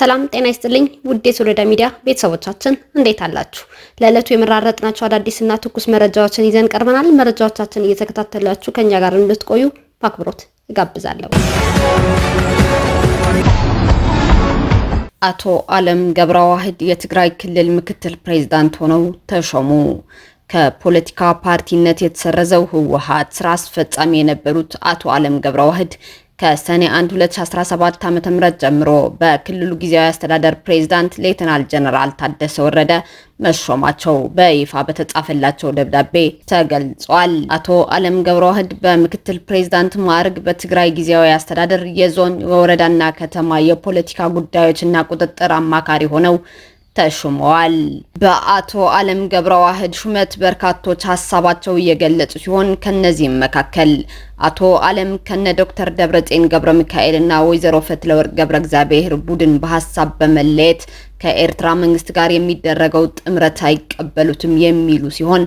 ሰላም ጤና ይስጥልኝ ውዴ የሶሎዳ ሚዲያ ቤተሰቦቻችን እንዴት አላችሁ? ለዕለቱ የመራረጥናቸው አዳዲስና ትኩስ መረጃዎችን ይዘን ቀርበናል። መረጃዎቻችን እየተከታተላችሁ ከኛ ጋር እንድትቆዩ በአክብሮት እጋብዛለሁ። አቶ አለም ዋህድ የትግራይ ክልል ምክትል ፕሬዝዳንት ሆነው ተሾሙ። ከፖለቲካ ፓርቲነት የተሰረዘው ህወሓት ስራ አስፈጻሚ የነበሩት አቶ አለም ገብረዋህድ ከሰኔ 1 2017 ዓ.ም ጀምሮ በክልሉ ጊዜያዊ አስተዳደር ፕሬዝዳንት ሌተናል ጀነራል ታደሰ ወረደ መሾማቸው በይፋ በተጻፈላቸው ደብዳቤ ተገልጿል። አቶ አለም ገብረዋህድ በምክትል ፕሬዝዳንት ማዕርግ በትግራይ ጊዜያዊ አስተዳደር የዞን የወረዳና ከተማ የፖለቲካ ጉዳዮችና ቁጥጥር አማካሪ ሆነው ተሹመዋል። በአቶ አለም ገብረዋህድ ሹመት በርካቶች ሀሳባቸው እየገለጹ ሲሆን ከነዚህም መካከል አቶ አለም ከነ ዶክተር ደብረጤን ገብረ ሚካኤል እና ወይዘሮ ፈትለወርቅ ገብረ እግዚአብሔር ቡድን በሀሳብ በመለየት ከኤርትራ መንግስት ጋር የሚደረገው ጥምረት አይቀበሉትም የሚሉ ሲሆን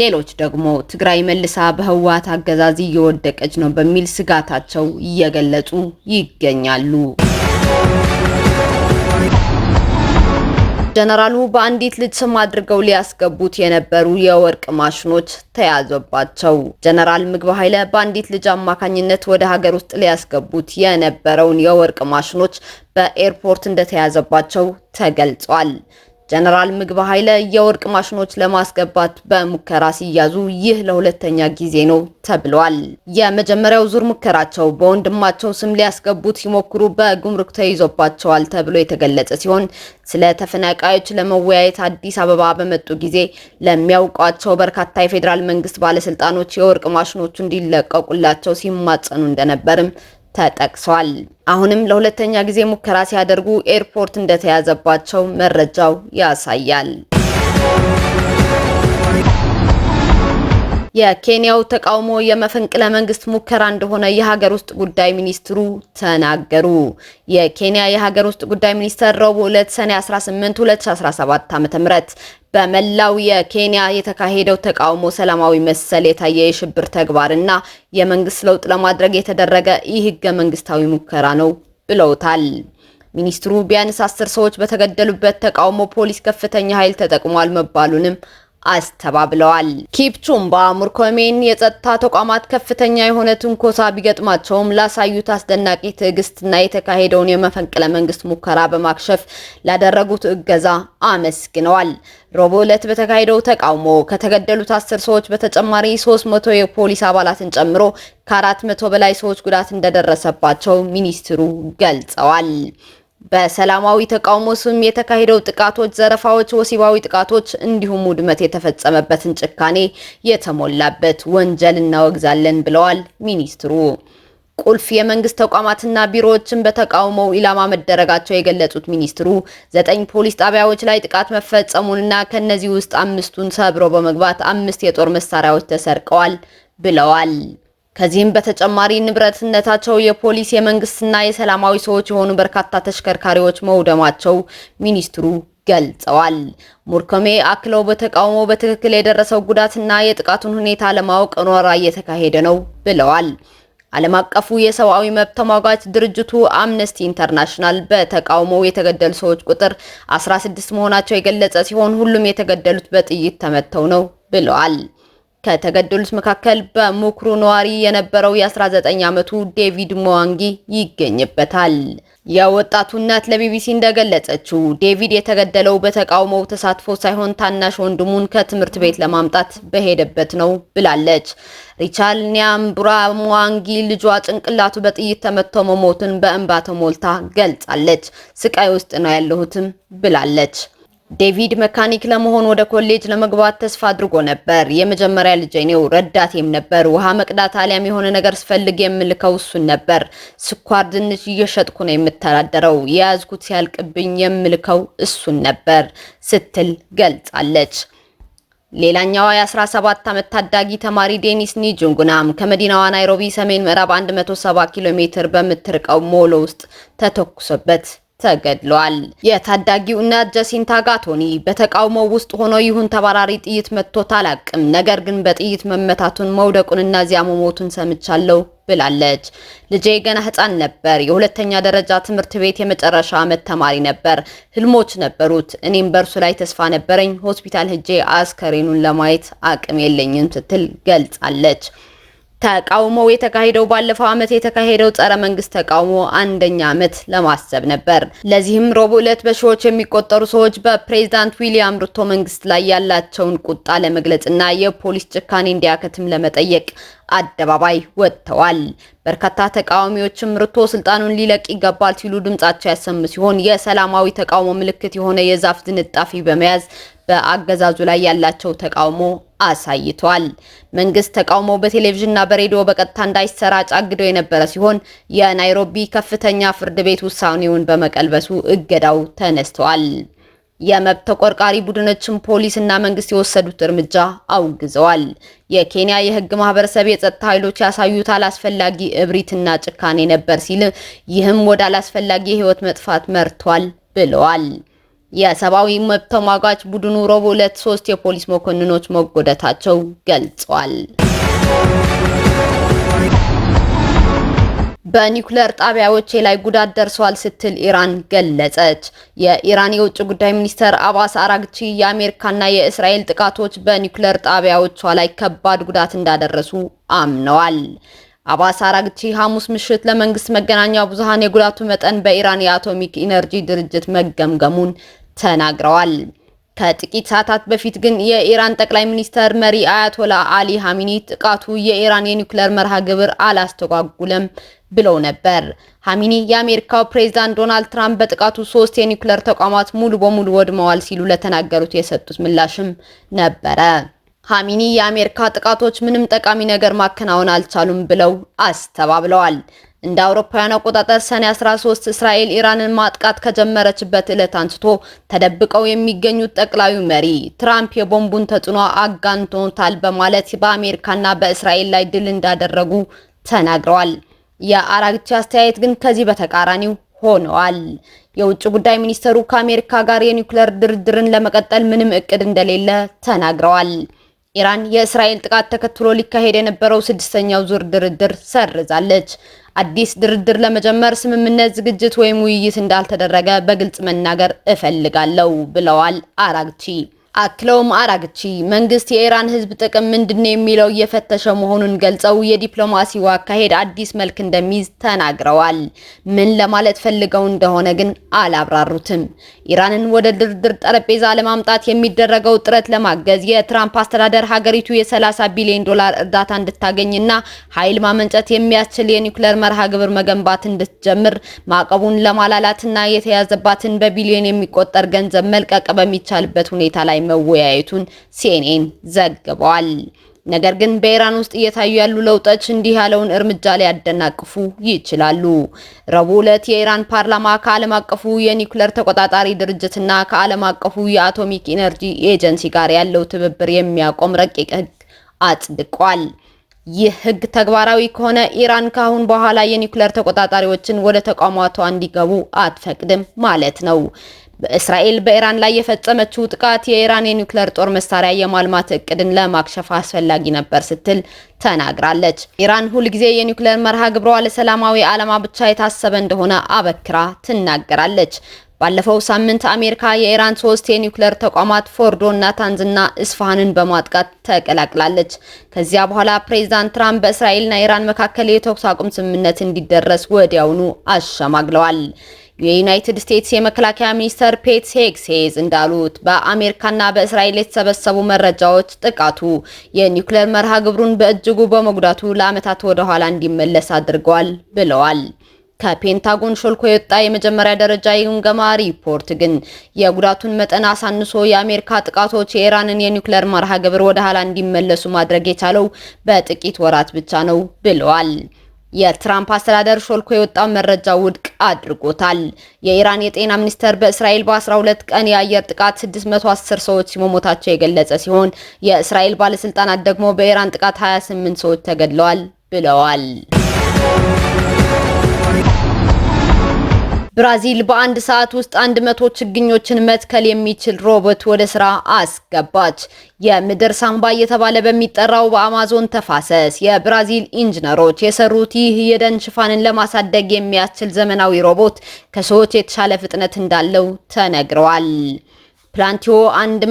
ሌሎች ደግሞ ትግራይ መልሳ በህወሀት አገዛዝ እየወደቀች ነው በሚል ስጋታቸው እየገለጹ ይገኛሉ። ጀነራሉ በአንዲት ልጅ ስም አድርገው ሊያስገቡት የነበሩ የወርቅ ማሽኖች ተያዘባቸው። ጀነራል ምግበ ኃይለ በአንዲት ልጅ አማካኝነት ወደ ሀገር ውስጥ ሊያስገቡት የነበረውን የወርቅ ማሽኖች በኤርፖርት እንደተያዘባቸው ተገልጿል። ጀነራል ምግበ ኃይለ የወርቅ ማሽኖች ለማስገባት በሙከራ ሲያዙ ይህ ለሁለተኛ ጊዜ ነው ተብሏል። የመጀመሪያው ዙር ሙከራቸው በወንድማቸው ስም ሊያስገቡት ሲሞክሩ በጉምሩክ ተይዞባቸዋል ተብሎ የተገለጸ ሲሆን ስለ ተፈናቃዮች ለመወያየት አዲስ አበባ በመጡ ጊዜ ለሚያውቋቸው በርካታ የፌዴራል መንግስት ባለስልጣኖች የወርቅ ማሽኖቹ እንዲለቀቁላቸው ሲማጸኑ እንደነበርም ተጠቅሷል። አሁንም ለሁለተኛ ጊዜ ሙከራ ሲያደርጉ ኤርፖርት እንደተያዘባቸው መረጃው ያሳያል። የኬንያው ተቃውሞ የመፈንቅለ መንግስት ሙከራ እንደሆነ የሀገር ውስጥ ጉዳይ ሚኒስትሩ ተናገሩ። የኬንያ የሀገር ውስጥ ጉዳይ ሚኒስተር ረቡዕ ዕለት ሰኔ 18 2017 ዓ.ም በመላው የኬንያ የተካሄደው ተቃውሞ ሰላማዊ መሰል የታየ የሽብር ተግባርና የመንግስት ለውጥ ለማድረግ የተደረገ ይህ ህገ መንግስታዊ ሙከራ ነው ብለውታል። ሚኒስትሩ ቢያንስ አስር ሰዎች በተገደሉበት ተቃውሞ ፖሊስ ከፍተኛ ኃይል ተጠቅሟል መባሉንም አስተባብለዋል። ኪፕቹምባ ሙርኮሜን የጸጥታ ተቋማት ከፍተኛ የሆነ ትንኮሳ ቢገጥማቸውም ላሳዩት አስደናቂ ትዕግስትና የተካሄደውን የመፈንቅለ መንግስት ሙከራ በማክሸፍ ላደረጉት እገዛ አመስግነዋል። ረቡዕ ዕለት በተካሄደው ተቃውሞ ከተገደሉት አስር ሰዎች በተጨማሪ 300 የፖሊስ አባላትን ጨምሮ ከአራት መቶ በላይ ሰዎች ጉዳት እንደደረሰባቸው ሚኒስትሩ ገልጸዋል። በሰላማዊ ተቃውሞ ስም የተካሄደው ጥቃቶች፣ ዘረፋዎች፣ ወሲባዊ ጥቃቶች እንዲሁም ውድመት የተፈጸመበትን ጭካኔ የተሞላበት ወንጀል እናወግዛለን ብለዋል ሚኒስትሩ። ቁልፍ የመንግስት ተቋማትና ቢሮዎችን በተቃውሞው ኢላማ መደረጋቸው የገለጹት ሚኒስትሩ ዘጠኝ ፖሊስ ጣቢያዎች ላይ ጥቃት መፈጸሙንና ከእነዚህ ውስጥ አምስቱን ሰብሮ በመግባት አምስት የጦር መሳሪያዎች ተሰርቀዋል ብለዋል። ከዚህም በተጨማሪ ንብረትነታቸው የፖሊስ የመንግስትና የሰላማዊ ሰዎች የሆኑ በርካታ ተሽከርካሪዎች መውደማቸው ሚኒስትሩ ገልጸዋል። ሙርኮሜ አክለው በተቃውሞ በትክክል የደረሰው ጉዳትና የጥቃቱን ሁኔታ ለማወቅ ኖራ እየተካሄደ ነው ብለዋል። ዓለም አቀፉ የሰብአዊ መብት ተሟጋች ድርጅቱ አምነስቲ ኢንተርናሽናል በተቃውሞው የተገደሉ ሰዎች ቁጥር 16 መሆናቸው የገለጸ ሲሆን ሁሉም የተገደሉት በጥይት ተመተው ነው ብለዋል። ከተገደሉት መካከል በምኩሩ ነዋሪ የነበረው የ19 ዓመቱ ዴቪድ ሞዋንጊ ይገኝበታል። የወጣቱ እናት ለቢቢሲ እንደገለጸችው ዴቪድ የተገደለው በተቃውሞው ተሳትፎ ሳይሆን ታናሽ ወንድሙን ከትምህርት ቤት ለማምጣት በሄደበት ነው ብላለች። ሪቻል ኒያምቡራ ሙዋንጊ ልጇ ጭንቅላቱ በጥይት ተመትቶ መሞቱን በእንባ ተሞልታ ገልጻለች። ስቃይ ውስጥ ነው ያለሁትም ብላለች። ዴቪድ መካኒክ ለመሆን ወደ ኮሌጅ ለመግባት ተስፋ አድርጎ ነበር። የመጀመሪያ ልጄ ነው፣ ረዳቴም ነበር። ውሃ መቅዳት አሊያም የሆነ ነገር ስፈልግ የምልከው እሱን ነበር። ስኳር ድንች እየሸጥኩ ነው የምተዳደረው፣ የያዝኩት ሲያልቅብኝ የምልከው እሱን ነበር ስትል ገልጻለች። ሌላኛዋ የ17 ዓመት ታዳጊ ተማሪ ዴኒስ ኒጁንጉናም ከመዲናዋ ናይሮቢ ሰሜን ምዕራብ 170 ኪሎ ሜትር በምትርቀው ሞሎ ውስጥ ተተኩሶበት ተገድሏል። የታዳጊው እናት ጀሲንታ ጋቶኒ በተቃውሞ ውስጥ ሆኖ ይሁን ተባራሪ ጥይት መጥቶት አላቅም፣ ነገር ግን በጥይት መመታቱን መውደቁንና እዚያ መሞቱን ሰምቻለሁ ብላለች። ልጄ ገና ህፃን ነበር። የሁለተኛ ደረጃ ትምህርት ቤት የመጨረሻ ዓመት ተማሪ ነበር። ህልሞች ነበሩት። እኔም በእርሱ ላይ ተስፋ ነበረኝ። ሆስፒታል ህጄ አስከሬኑን ለማየት አቅም የለኝም ስትል ገልጻለች። ተቃውሞው የተካሄደው ባለፈው ዓመት የተካሄደው ጸረ መንግስት ተቃውሞ አንደኛ ዓመት ለማሰብ ነበር። ለዚህም ረቡዕ ዕለት በሺዎች የሚቆጠሩ ሰዎች በፕሬዝዳንት ዊሊያም ሩቶ መንግስት ላይ ያላቸውን ቁጣ ለመግለጽና የፖሊስ ጭካኔ እንዲያከትም ለመጠየቅ አደባባይ ወጥተዋል። በርካታ ተቃዋሚዎችም ሩቶ ስልጣኑን ሊለቅ ይገባል ሲሉ ድምጻቸው ያሰሙ ሲሆን የሰላማዊ ተቃውሞ ምልክት የሆነ የዛፍ ዝንጣፊ በመያዝ በአገዛዙ ላይ ያላቸው ተቃውሞ አሳይቷል። መንግስት ተቃውሞ በቴሌቪዥንና በሬዲዮ በቀጥታ እንዳይሰራጭ አግደው የነበረ ሲሆን የናይሮቢ ከፍተኛ ፍርድ ቤት ውሳኔውን በመቀልበሱ እገዳው ተነስተዋል። የመብት ተቆርቋሪ ቡድኖችን ፖሊስና መንግስት የወሰዱት እርምጃ አውግዘዋል። የኬንያ የህግ ማህበረሰብ የጸጥታ ኃይሎች ያሳዩት አላስፈላጊ እብሪትና ጭካኔ ነበር ሲል ይህም ወደ አላስፈላጊ የህይወት መጥፋት መርቷል ብለዋል። የሰብአዊ መብት ተሟጋች ቡድኑ ሮብ ዕለት ሶስት የፖሊስ መኮንኖች መጎዳታቸው ገልጿል። በኒውክሌር ጣቢያዎች ላይ ጉዳት ደርሷል ስትል ኢራን ገለጸች። የኢራን የውጭ ጉዳይ ሚኒስተር አባስ አራግቺ የአሜሪካና የእስራኤል ጥቃቶች በኒውክሌር ጣቢያዎቿ ላይ ከባድ ጉዳት እንዳደረሱ አምነዋል። አባስ አራግቺ ሐሙስ ምሽት ለመንግስት መገናኛ ብዙሃን የጉዳቱ መጠን በኢራን የአቶሚክ ኢነርጂ ድርጅት መገምገሙን ተናግረዋል። ከጥቂት ሰዓታት በፊት ግን የኢራን ጠቅላይ ሚኒስተር መሪ አያቶላ አሊ ሀሚኒ ጥቃቱ የኢራን የኒውክሌር መርሃ ግብር አላስተጓጉለም ብለው ነበር። ሀሚኒ የአሜሪካው ፕሬዝዳንት ዶናልድ ትራምፕ በጥቃቱ ሶስት የኒውክሌር ተቋማት ሙሉ በሙሉ ወድመዋል ሲሉ ለተናገሩት የሰጡት ምላሽም ነበረ። ሀሚኒ የአሜሪካ ጥቃቶች ምንም ጠቃሚ ነገር ማከናወን አልቻሉም ብለው አስተባብለዋል። እንደ አውሮፓውያን አቆጣጠር ሰኔ 13 እስራኤል ኢራንን ማጥቃት ከጀመረችበት ዕለት አንስቶ ተደብቀው የሚገኙት ጠቅላዩ መሪ ትራምፕ የቦምቡን ተጽዕኖ አጋንቶታል በማለት በአሜሪካና በእስራኤል ላይ ድል እንዳደረጉ ተናግረዋል። የአራግቺ አስተያየት ግን ከዚህ በተቃራኒው ሆነዋል። የውጭ ጉዳይ ሚኒስተሩ ከአሜሪካ ጋር የኒውክሌር ድርድርን ለመቀጠል ምንም እቅድ እንደሌለ ተናግረዋል። ኢራን የእስራኤል ጥቃት ተከትሎ ሊካሄድ የነበረው ስድስተኛው ዙር ድርድር ሰርዛለች። አዲስ ድርድር ለመጀመር ስምምነት፣ ዝግጅት ወይም ውይይት እንዳልተደረገ በግልጽ መናገር እፈልጋለሁ ብለዋል አራግቺ። አክለውም አራግቺ መንግስት የኢራን ህዝብ ጥቅም ምንድነው የሚለው እየፈተሸ መሆኑን ገልጸው የዲፕሎማሲው አካሄድ አዲስ መልክ እንደሚይዝ ተናግረዋል። ምን ለማለት ፈልገው እንደሆነ ግን አላብራሩትም። ኢራንን ወደ ድርድር ጠረጴዛ ለማምጣት የሚደረገው ጥረት ለማገዝ የትራምፕ አስተዳደር ሀገሪቱ የ30 ቢሊዮን ዶላር እርዳታ እንድታገኝና ኃይል ማመንጨት የሚያስችል የኒውክሌር መርሃ ግብር መገንባት እንድትጀምር ማዕቀቡን ለማላላትና የተያዘባትን በቢሊዮን የሚቆጠር ገንዘብ መልቀቅ በሚቻልበት ሁኔታ ላይ መወያየቱን ሲኤንኤን ዘግበዋል። ነገር ግን በኢራን ውስጥ እየታዩ ያሉ ለውጦች እንዲህ ያለውን እርምጃ ሊያደናቅፉ ይችላሉ። ረቡዕ ዕለት የኢራን ፓርላማ ከዓለም አቀፉ የኒውክለር ተቆጣጣሪ ድርጅትና ከዓለም አቀፉ የአቶሚክ ኢነርጂ ኤጀንሲ ጋር ያለው ትብብር የሚያቆም ረቂቅ ሕግ አጽድቋል። ይህ ሕግ ተግባራዊ ከሆነ ኢራን ከአሁን በኋላ የኒውክለር ተቆጣጣሪዎችን ወደ ተቋማቷ እንዲገቡ አትፈቅድም ማለት ነው። እስራኤል በኢራን ላይ የፈጸመችው ጥቃት የኢራን የኒውክሌር ጦር መሳሪያ የማልማት እቅድን ለማክሸፍ አስፈላጊ ነበር ስትል ተናግራለች። ኢራን ሁልጊዜ የኒውክሌር መርሃ ግብረዋ ለሰላማዊ ዓላማ ብቻ የታሰበ እንደሆነ አበክራ ትናገራለች። ባለፈው ሳምንት አሜሪካ የኢራን ሶስት የኒውክሌር ተቋማት ፎርዶ፣ ናታንዝና እስፋሃንን በማጥቃት ተቀላቅላለች። ከዚያ በኋላ ፕሬዚዳንት ትራምፕ በእስራኤልና ኢራን መካከል የተኩስ አቁም ስምምነት እንዲደረስ ወዲያውኑ አሸማግለዋል። የዩናይትድ ስቴትስ የመከላከያ ሚኒስተር ፔት ሄግሴዝ እንዳሉት በአሜሪካና በእስራኤል የተሰበሰቡ መረጃዎች ጥቃቱ የኒውክሌር መርሃ ግብሩን በእጅጉ በመጉዳቱ ለዓመታት ወደኋላ እንዲመለስ አድርገዋል ብለዋል። ከፔንታጎን ሾልኮ የወጣ የመጀመሪያ ደረጃ የግምገማ ሪፖርት ግን የጉዳቱን መጠን አሳንሶ የአሜሪካ ጥቃቶች የኢራንን የኒውክሌር መርሃ ግብር ወደ ኋላ እንዲመለሱ ማድረግ የቻለው በጥቂት ወራት ብቻ ነው ብለዋል። የትራምፕ አስተዳደር ሾልኮ የወጣው መረጃ ውድቅ አድርጎታል። የኢራን የጤና ሚኒስቴር በእስራኤል በ12 ቀን የአየር ጥቃት 610 ሰዎች መሞታቸው የገለጸ ሲሆን የእስራኤል ባለስልጣናት ደግሞ በኢራን ጥቃት 28 ሰዎች ተገድለዋል ብለዋል። ብራዚል በአንድ ሰዓት ውስጥ 100 ችግኞችን መትከል የሚችል ሮቦት ወደ ስራ አስገባች። የምድር ሳምባ እየተባለ በሚጠራው በአማዞን ተፋሰስ የብራዚል ኢንጂነሮች የሰሩት ይህ የደን ሽፋንን ለማሳደግ የሚያስችል ዘመናዊ ሮቦት ከሰዎች የተሻለ ፍጥነት እንዳለው ተነግረዋል። ፕላንቲዮ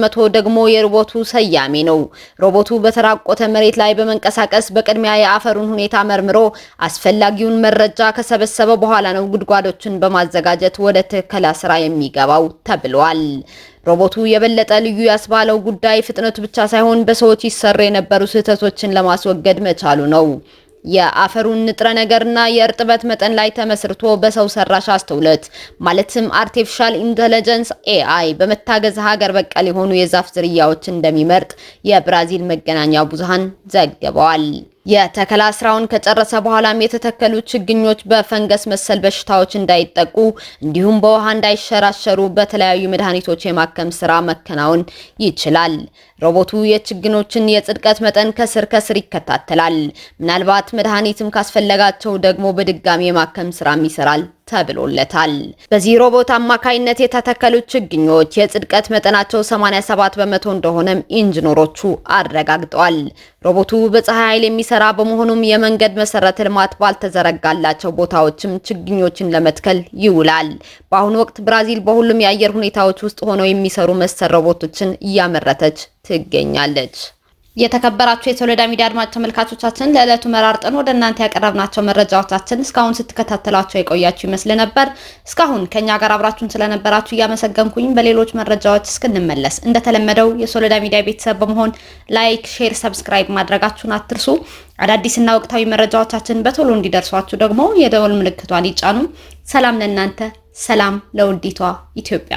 100 ደግሞ የሮቦቱ ሰያሜ ነው። ሮቦቱ በተራቆተ መሬት ላይ በመንቀሳቀስ በቅድሚያ የአፈሩን ሁኔታ መርምሮ አስፈላጊውን መረጃ ከሰበሰበ በኋላ ነው ጉድጓዶችን በማዘጋጀት ወደ ትከላ ስራ የሚገባው ተብሏል። ሮቦቱ የበለጠ ልዩ ያስባለው ጉዳይ ፍጥነቱ ብቻ ሳይሆን በሰዎች ይሰሩ የነበሩ ስህተቶችን ለማስወገድ መቻሉ ነው። የአፈሩን ንጥረ ነገርና የእርጥበት መጠን ላይ ተመስርቶ በሰው ሰራሽ አስተውለት ማለትም አርቲፊሻል ኢንተለጀንስ ኤአይ በመታገዝ ሀገር በቀል የሆኑ የዛፍ ዝርያዎች እንደሚመርጥ የብራዚል መገናኛ ብዙሃን ዘግበዋል። የተከላ ስራውን ከጨረሰ በኋላም የተተከሉ ችግኞች በፈንገስ መሰል በሽታዎች እንዳይጠቁ እንዲሁም በውሃ እንዳይሸራሸሩ በተለያዩ መድኃኒቶች የማከም ስራ መከናወን ይችላል። ሮቦቱ የችግኞችን የጽድቀት መጠን ከስር ከስር ይከታተላል። ምናልባት መድኃኒትም ካስፈለጋቸው ደግሞ በድጋሚ የማከም ስራም ይሰራል። ተብሎለታል። በዚህ ሮቦት አማካይነት የተተከሉት ችግኞች የጽድቀት መጠናቸው 87 በመቶ እንደሆነም ኢንጂነሮቹ አረጋግጠዋል። ሮቦቱ በፀሐይ ኃይል የሚሰራ በመሆኑም የመንገድ መሰረተ ልማት ባልተዘረጋላቸው ቦታዎችም ችግኞችን ለመትከል ይውላል። በአሁኑ ወቅት ብራዚል በሁሉም የአየር ሁኔታዎች ውስጥ ሆነው የሚሰሩ መሰል ሮቦቶችን እያመረተች ትገኛለች። የተከበራችሁ የሶሎዳ ሚዲያ አድማጭ ተመልካቾቻችን ለዕለቱ መራርጠን ወደ እናንተ ያቀረብናቸው መረጃዎቻችን እስካሁን ስትከታተላቸው የቆያችሁ ይመስል ነበር። እስካሁን ከኛ ጋር አብራችሁን ስለነበራችሁ እያመሰገንኩኝ በሌሎች መረጃዎች እስክንመለስ እንደተለመደው የሶሎዳ ሚዲያ ቤተሰብ በመሆን ላይክ፣ ሼር፣ ሰብስክራይብ ማድረጋችሁን አትርሱ። አዳዲስና ወቅታዊ መረጃዎቻችን በቶሎ እንዲደርሷችሁ ደግሞ የደወል ምልክቷን ይጫኑ። ሰላም ለእናንተ፣ ሰላም ለውዲቷ ኢትዮጵያ።